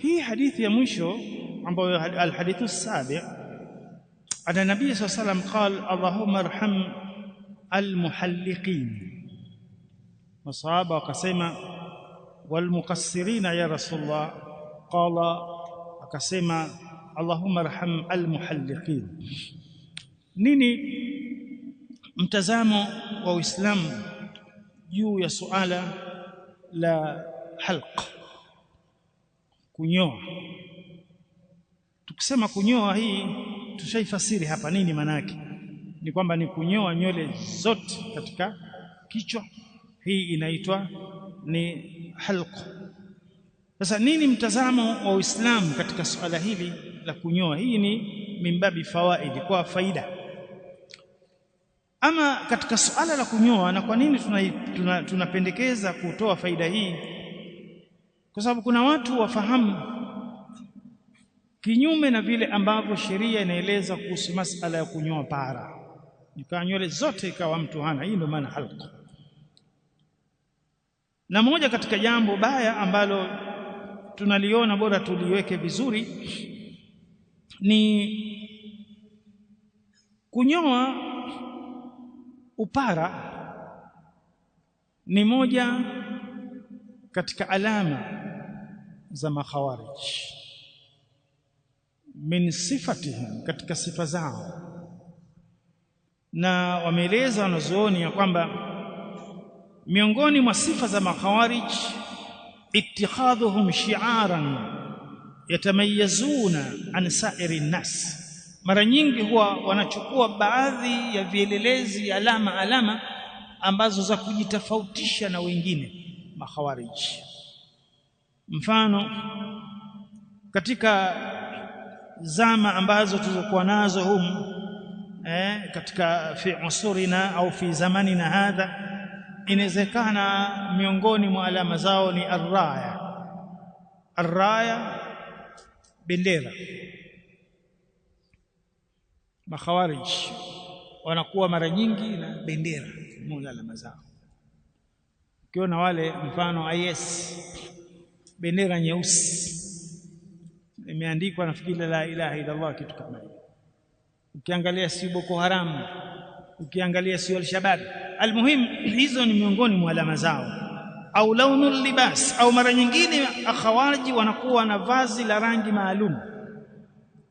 هي حديث يمشو عن الحديث السابع عن النبي صلى الله عليه وسلم قال اللهم ارحم المحلقين وصحابه وقسيمة والمقصرين يا رسول الله قال وقسيمة اللهم ارحم المحلقين نيني متزامو وإسلام يو يا سؤال لا حلق kunyoa tukisema kunyoa hii tushaifasiri hapa nini maana yake ni kwamba ni kunyoa nywele zote katika kichwa hii inaitwa ni halq sasa nini mtazamo wa Uislamu katika suala hili la kunyoa hii ni mimbabi fawaidi kwa faida ama katika suala la kunyoa na kwa nini tunapendekeza tuna, tuna kutoa faida hii kwa sababu kuna watu wafahamu kinyume na vile ambavyo sheria inaeleza kuhusu masala ya kunyoa para, ikawa nywele zote ikawa mtu hana. Hii ndio maana halqa. Na moja katika jambo baya ambalo tunaliona bora tuliweke vizuri ni kunyoa upara ni moja katika alama za makhawarij min sifatihim katika sifa zao na wameeleza wanazuoni ya kwamba miongoni mwa sifa za makhawarij ittikhadhuhum shiaran yatamayazuna an sairi الناس mara nyingi huwa wanachukua baadhi ya vielelezi alama alama ambazo za kujitofautisha na wengine makhawariji mfano katika zama ambazo tulizokuwa nazo humu eh, katika fi usurina au fi zamanina hadha inawezekana miongoni mwa alama zao ni arraya arraya bendera makhawarij wanakuwa mara nyingi na bendera moja alama zao ukiona wale mfano IS bendera nyeusi imeandikwa nafikiri la ilaha illa Allah, kitu kama hiyo. Ukiangalia si Boko Haram, ukiangalia si Al-Shabab. Almuhim, hizo ni miongoni mwa alama zao, au launul libas, au mara nyingine akhawaji wanakuwa na vazi la rangi maalum,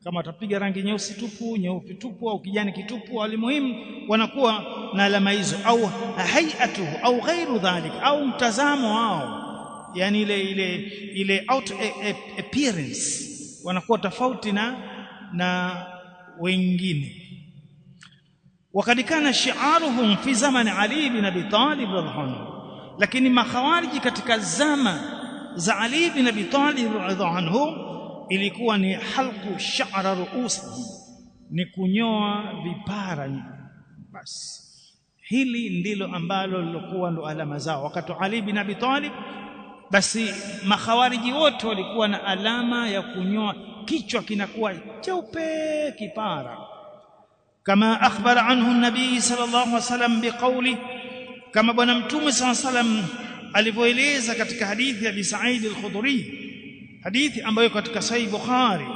kama watapiga rangi nyeusi tupu, nyeupe tupu, au kijani kitupu. Almuhim, wanakuwa na alama hizo, au hayatuhu au ghairu dhalik, au mtazamo wao yani ile ile ile out e, e, appearance wanakuwa tofauti na na wengine wakad kana shi'aruhum fi zaman ali ibn abi talib radhiallahu lakini makhawariji katika zama za ali ibn abi talib radhiallahu anhu ilikuwa ni halqu sha'ra ru'us ni kunyoa vipara basi hili ndilo ambalo lilokuwa ndo alama zao wakati ali bin abi talib basi makhawariji wote walikuwa na alama ya kunyoa kichwa kinakuwa cheupe kipara kama akhbara anhu nabii sallallahu alaihi wasallam biqauli kama bwana mtume sallallahu alaihi wasallam alivyoeleza katika hadithi ya Bisaid al-Khudri hadithi ambayo katika Sahih Bukhari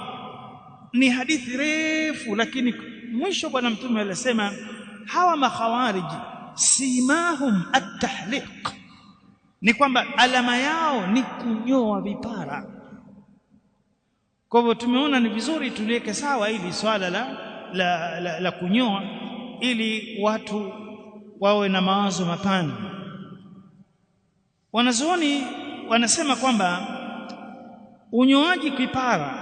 ni hadithi refu lakini mwisho bwana mtume alisema hawa makhawariji simahum at-tahliq ni kwamba alama yao ni kunyoa vipara kwa hivyo tumeona ni vizuri tuliweke sawa hili swala la, la, la, la kunyoa ili watu wawe na mawazo mapana wanazuoni wanasema kwamba unyoaji kipara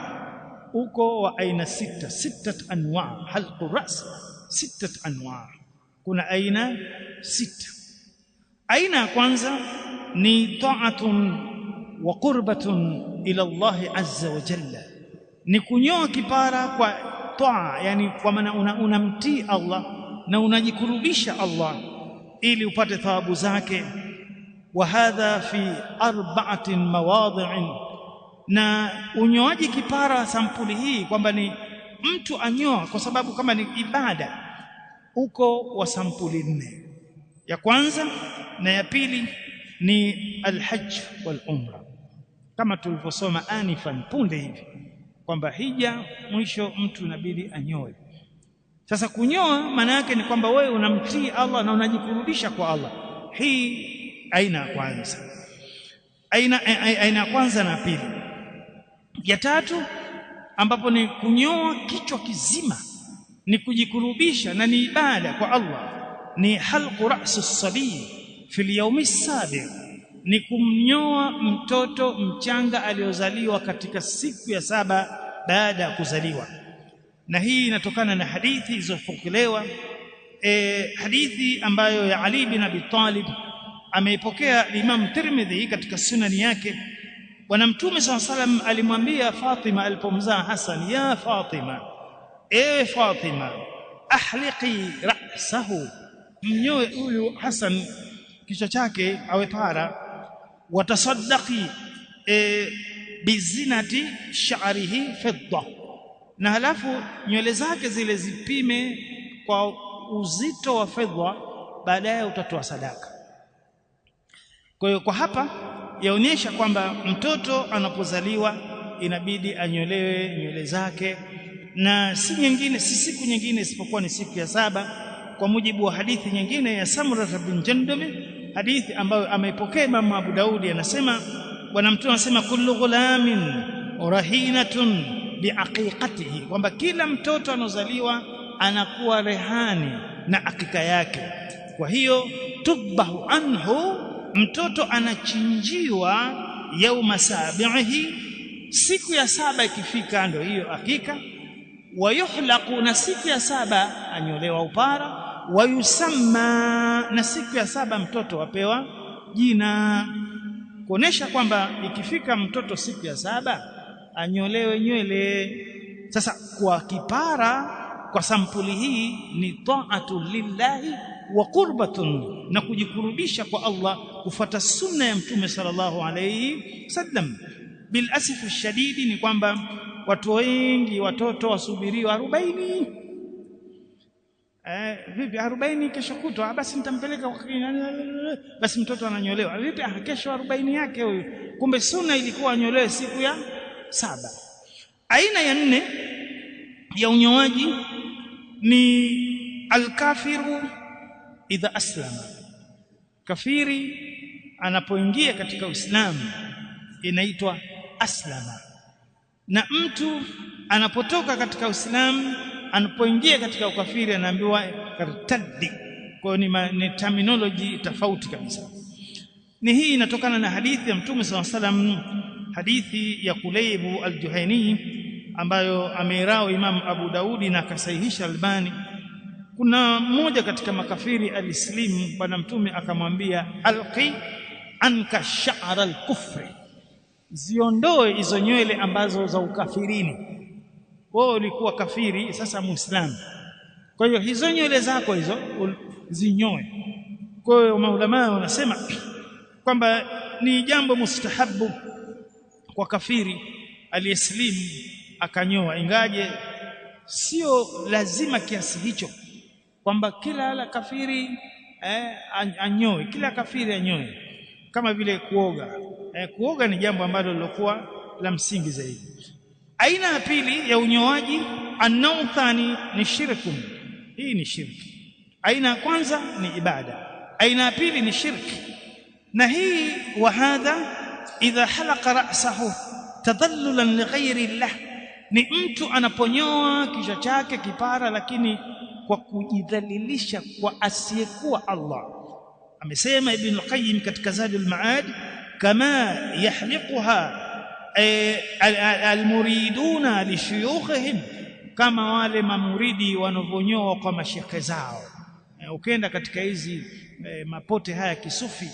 uko wa aina sita sittat anwa halqu ras sittat anwa kuna aina sita aina ya kwanza ni taatun wa qurbatun ila Allah azza wa jalla, ni kunyoa kipara kwa taa, yani kwa maana unamtii una Allah na unajikurubisha Allah ili upate thawabu zake. Wa hadha fi arba'atin mawadhi'in, na unyoaji kipara sampuli hii kwamba ni mtu anyoa kwa sababu kama ni ibada, uko wa sampuli nne, ya kwanza na ya pili ni alhajj wal umra kama tulivyosoma anifan punde hivi kwamba hija mwisho mtu inabidi anyoe sasa kunyoa maana yake ni kwamba wewe unamtii Allah na unajikurudisha kwa Allah hii aina ya kwanza aina aina ya kwanza na pili ya tatu ambapo ni kunyoa kichwa kizima ni kujikurubisha na ni ibada kwa Allah ni halqu ra'si sabii fil yaumi sadiq, ni kumnyoa mtoto mchanga aliozaliwa katika siku ya saba baada ya kuzaliwa na hii inatokana na hadithi zilizofukilewa e, hadithi ambayo ya Ali bin Abi Talib ameipokea Imam Tirmidhi katika sunani yake bwana mtume swalla salam alimwambia Fatima alipomzaa hasan ya Fatima ewe Fatima ahliqi ra'sahu mnyoe huyu hasan kichwa chake awe para watasaddaqi e, bizinati sha'rihi fidda na halafu nywele zake zile zipime kwa uzito wa fedha baadaye utatoa sadaka kwa hiyo kwa hapa yaonyesha kwamba mtoto anapozaliwa inabidi anyolewe nywele zake na si nyingine si siku nyingine isipokuwa ni siku ya saba kwa mujibu wa hadithi nyingine ya Samura bin Jandumi hadithi ambayo ameipokea Imam Abu Daudi anasema bwana mtume anasema kullu ghulamin rahinatun biaqiqatihi, kwamba kila mtoto anaozaliwa anakuwa rehani na akika yake. Kwa hiyo tubahu anhu, mtoto anachinjiwa yauma sabihi, siku ya saba ikifika, ndio hiyo akika. Wayuhlaqu, na siku ya saba anyolewa upara wayusamma na siku ya saba mtoto apewa jina kuonesha kwamba ikifika mtoto siku ya saba anyolewe nywele sasa kwa kipara kwa sampuli hii ni ta'atu lillahi wa qurbatun na kujikurubisha kwa Allah kufuata sunna ya mtume sallallahu alayhi wasallam bil asifu shadidi ni kwamba watu wengi watoto wasubiriwa eh, vipi arobaini kesho kutwa ah, basi nitampeleka kwa basi mtoto ananyolewa vipi ah kesho arobaini yake huyu kumbe suna ilikuwa anyolewe siku ya saba aina ya nne ya unyoaji ni alkafiru idha aslama kafiri anapoingia katika uislamu inaitwa aslama na mtu anapotoka katika uislamu anapoingia katika ukafiri anaambiwa eh, kartaddi kwa ni, ni terminology tofauti kabisa ni hii inatokana na hadithi ya mtume SAW salam hadithi ya Kuleibu al-Juhaini ambayo ameirao Imam Abu Daudi na akasahihisha Albani kuna mmoja katika makafiri alislimu bwana mtume akamwambia alqi anka sha'ra al-kufri ziondoe hizo nywele ambazo za ukafirini wewe ulikuwa kafiri sasa muislamu kwa hiyo hizo nywele zako hizo zinyoe kwa hiyo maulama wanasema kwamba ni jambo mustahabu kwa kafiri aliyeslimu akanyoa ingaje sio lazima kiasi hicho kwamba kila ala kafiri eh, anyoe kila kafiri anyoe kama vile kuoga eh, kuoga ni jambo ambalo lilokuwa la msingi zaidi aina ya pili ya unyoaji annau thani ni shirku hii ni shirki aina ya kwanza ni ibada aina ya pili ni shirki na hii wa hadha idha halaqa ra'sahu tadhallulan lighairi llah ni mtu anaponyoa kichwa chake kipara lakini kwa kujidhalilisha kwa asiyekuwa Allah amesema ibn al-Qayyim katika Zadul Ma'ad kama yahliquha E, almuriduna lishuyukhihim kama wale mamuridi wanavyonyoa kwa mashekhe zao e, ukienda katika hizi e, mapote haya kisufi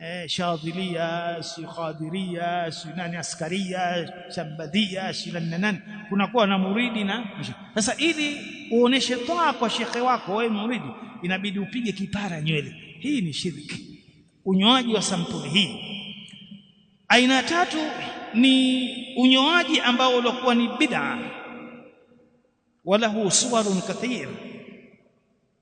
eh, shadhilia si qadiria si nani askaria shambadhia si nani kunakuwa na muridi na sasa ili uoneshe toa kwa shekhe wako wewe muridi inabidi upige kipara nywele hii ni shirki unyoaji wa sampuli hii aina tatu ni unyoaji ambao ulikuwa ni bid'a walahu suwarun kathir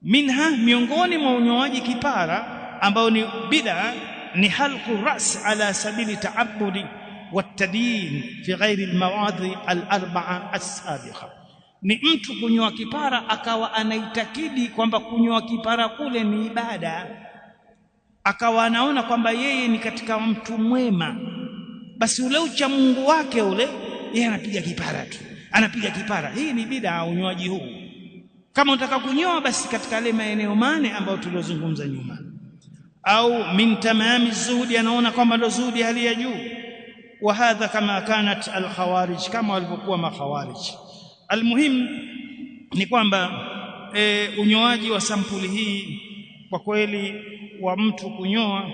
minha miongoni mwa unyoaji kipara ambao ni bid'a ni halqu ras ala sabili ta'abbudi والتدين fi ghairi المواضع alarbaa السابقة ni mtu kunyoa kipara akawa anaitakidi kwamba kunyoa kipara kule ni ibada akawa anaona kwamba yeye ni katika mtu mwema basi ule ucha Mungu wake ule yeye anapiga kipara tu, anapiga kipara. Hii ni bidaa unywaji huu. Kama unataka kunyoa, basi katika ile maeneo mane ambayo tuliozungumza nyuma. Au min tamami zuhudi, anaona kwamba ndo zuhudi hali ya juu. Wa hadha kama kanat khawarij kama walivyokuwa makhawarij. Almuhim ni kwamba e, unyoaji wa sampuli hii kwa kweli wa mtu kunyoa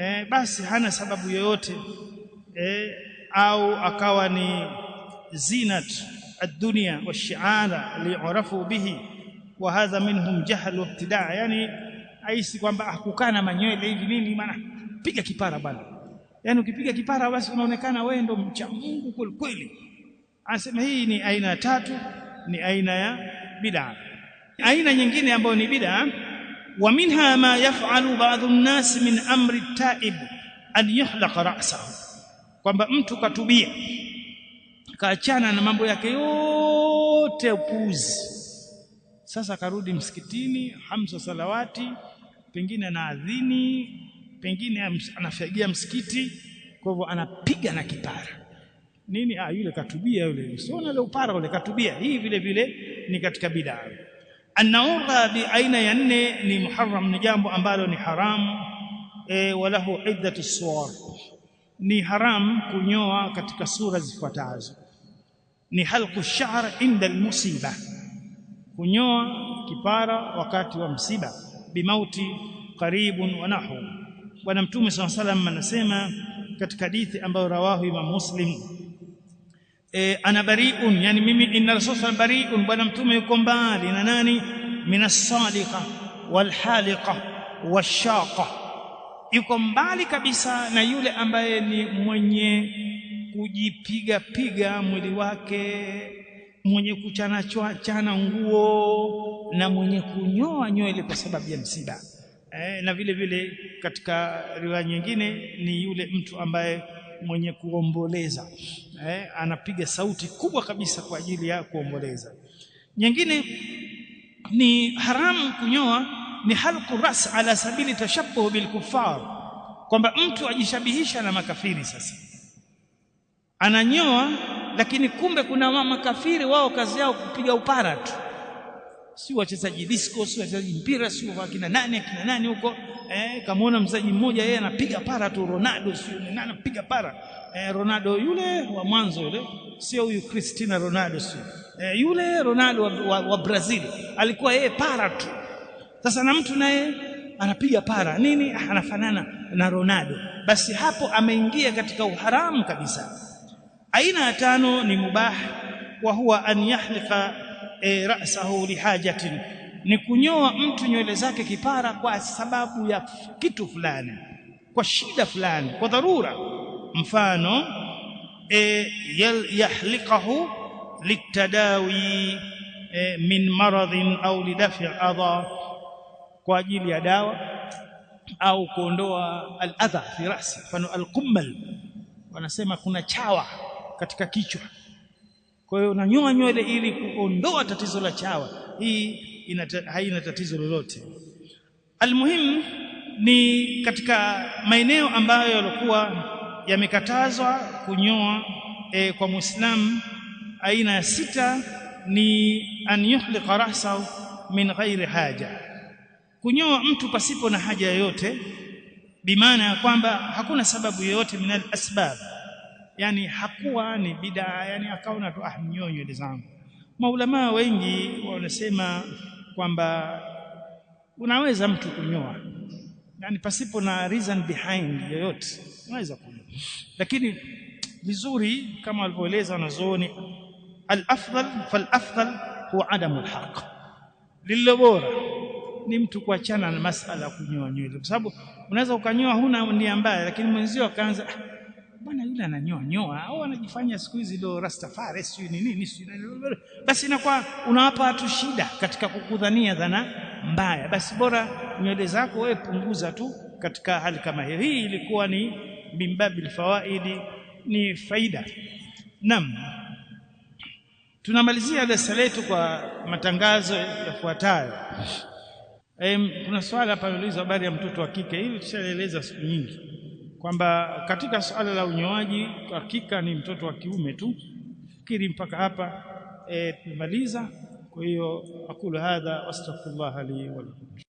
e, basi hana sababu yoyote eh, au akawa ni zinat ad-dunya wa shiara li'urafu bihi wa hadha minhum jahl wa ibtidaa yani aisi kwamba akukana manywele hivi nini maana piga kipara bana yani ukipiga kipara basi unaonekana wewe ndo mcha Mungu kweli kweli anasema hii ni aina tatu ni aina ya bid'a aina nyingine ambayo ni bid'a wa minha ma yaf'alu ba'dhu an-nas min amri at-ta'ib an yuhlaqa ra'sahu kwamba mtu katubia kaachana na mambo yake yote ya upuzi sasa karudi msikitini hamsa salawati pengine anaadhini pengine anafagia msikiti kwa hivyo anapiga na kipara nini ah yule katubia yule usiona ile upara yule katubia hii vile vile ni katika bidaa anaoga bi aina ya nne ni muharram ni jambo ambalo ni haramu e, eh, walahu iddatu suwar ni haram kunyoa katika sura zifuatazo ni halqu sha'r inda almusiba kunyoa kipara wakati wa msiba bimauti qaribun wa nahu bwana mtume swalla wasallam anasema katika hadithi ambayo rawahu imam muslim e, ana bariun yani mimi inna rasul bariun bwana mtume yuko mbali na nani min as-saliqa wal haliqa yuko mbali kabisa na yule ambaye ni mwenye kujipiga piga mwili wake mwenye kuchana chana nguo na mwenye kunyoa nywele kwa sababu ya msiba eh, na vile vile katika riwaya nyingine ni yule mtu ambaye mwenye kuomboleza eh, anapiga sauti kubwa kabisa kwa ajili ya kuomboleza nyingine ni haramu kunyoa ni halqu ras ala sabili bil bilkuffar kwamba mtu ajishabihisha na makafiri sasa ananyoa lakini kumbe kuna makafiri wao kazi yao kupiga upara tu si wachezaji disco si wachezaji mpira si wakina nani akina nani huko eh kamaona mchezaji mmoja yeye anapiga para tu Ronaldo si nani anapiga para eh, Ronaldo yule wa mwanzo yule sio huyu Cristiano Ronaldo si eh, yule Ronaldo wa, wa, wa Brazil alikuwa yeye para tu sasa na mtu naye anapiga para nini, ah, anafanana na Ronaldo, basi hapo ameingia katika uharamu kabisa. Aina ya tano ni mubah wa huwa an yahliqa e, eh, ra'sahu hajatin ni kunyoa mtu nywele zake kipara kwa sababu ya kitu fulani, kwa shida fulani, kwa dharura. Mfano e, eh, yahliqahu litadawi e, eh, min maradhin au lidaf'i adha kwa ajili ya dawa au kuondoa al-adha fi rasi, mfano al wanasema kuna chawa katika kichwa. Kwa hiyo unanyoa nywele ili kuondoa tatizo la chawa, hii inata, haina tatizo lolote. Almuhimu ni katika maeneo ambayo yalikuwa yamekatazwa kunyoa e, kwa Muislamu, aina ya sita ni an yuhliqa rasahu min ghairi haja kunyoa mtu pasipo na haja yoyote bimaana ya kwamba hakuna sababu yoyote minal asbab yani hakuwa ni bid'a yani akaona tu ah mnyoe nywele zangu maulama wengi wanasema kwamba unaweza mtu kunyoa yani pasipo na reason behind yoyote unaweza kunyoa lakini vizuri kama walivyoeleza wanazuoni al-afdal fal-afdal huwa adamu al-haq lililo bora ni mtu kuachana na masala ya kunyoa nywele, kwa sababu unaweza ukanyoa huna nia mbaya, lakini mwenzio akaanza ah, bwana yule ananyoa nyoa au anajifanya siku hizi ndio Rastafari sio ni nini sio basi, inakuwa unawapa watu shida katika kukudhania dhana mbaya. Basi bora nywele zako wewe punguza tu katika hali kama hiyo. Hii ilikuwa ni bimbabil fawaidi, ni faida. nam tunamalizia darasa letu kwa matangazo yafuatayo. E, kuna swala hapa liulizwa habari ya mtoto wa kike. Hili tushaeleza siku nyingi kwamba katika swala la unyoaji hakika ni mtoto wa kiume tu. Fikiri mpaka hapa eh, tumemaliza. E, kwa hiyo aqulu hadha wastaghfirullah li wa lakum.